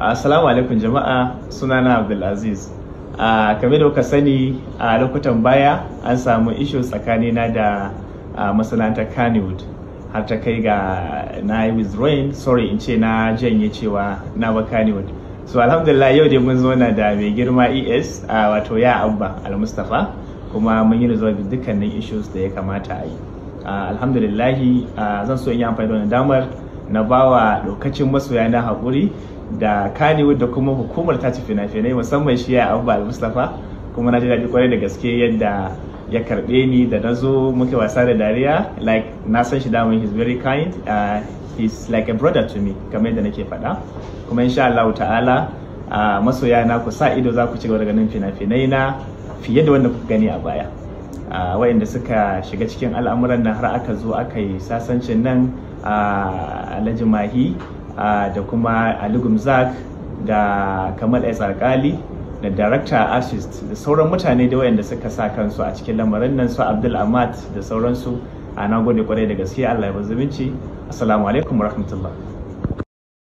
Assalamu alaikum jama'a sunana Abdulaziz. A kame da kuka sani a lokutan baya an samu isho tsakanina da masana'antar Kannywood har ta kai ga na yi withdrawing sorry in ce na janye cewa na ba Kannywood. So alhamdulillah yau dai mun zo na da mai girma ES a wato ya abba al mustapha kuma mun yi resolve dukkanin issues da ya kamata a yi. Alhamdulillahi zan so in yi amfani da wannan damar na bawa lokacin masoya na haƙuri da kanewa da kuma hukumar ta ci fina-finai musamman shi ya abu mustapha kuma na ji daɗi kwarai da gaske yadda ya karɓe ni da na zo muke wasa da dariya like na san shi damar he's very kind uh, he's like a brother to me kamar yadda nake faɗa kuma insha Allah ta'ala uh, masoya na ku sa ido za ku ci gaba da ganin fina-finai na fiye da wanda kuka gani a baya uh, wayanda suka shiga cikin al'amuran nan har aka zo aka yi sasancin nan alhaji mahi da kuma alugum zak da kamal ai tsarkali da director artist da sauran mutane da wayanda suka sa kansu a cikin lamarin nan su abdul amat da sauransu a nagode kwarai da gaske allah ya zumunci assalamu alaikum warahmatullah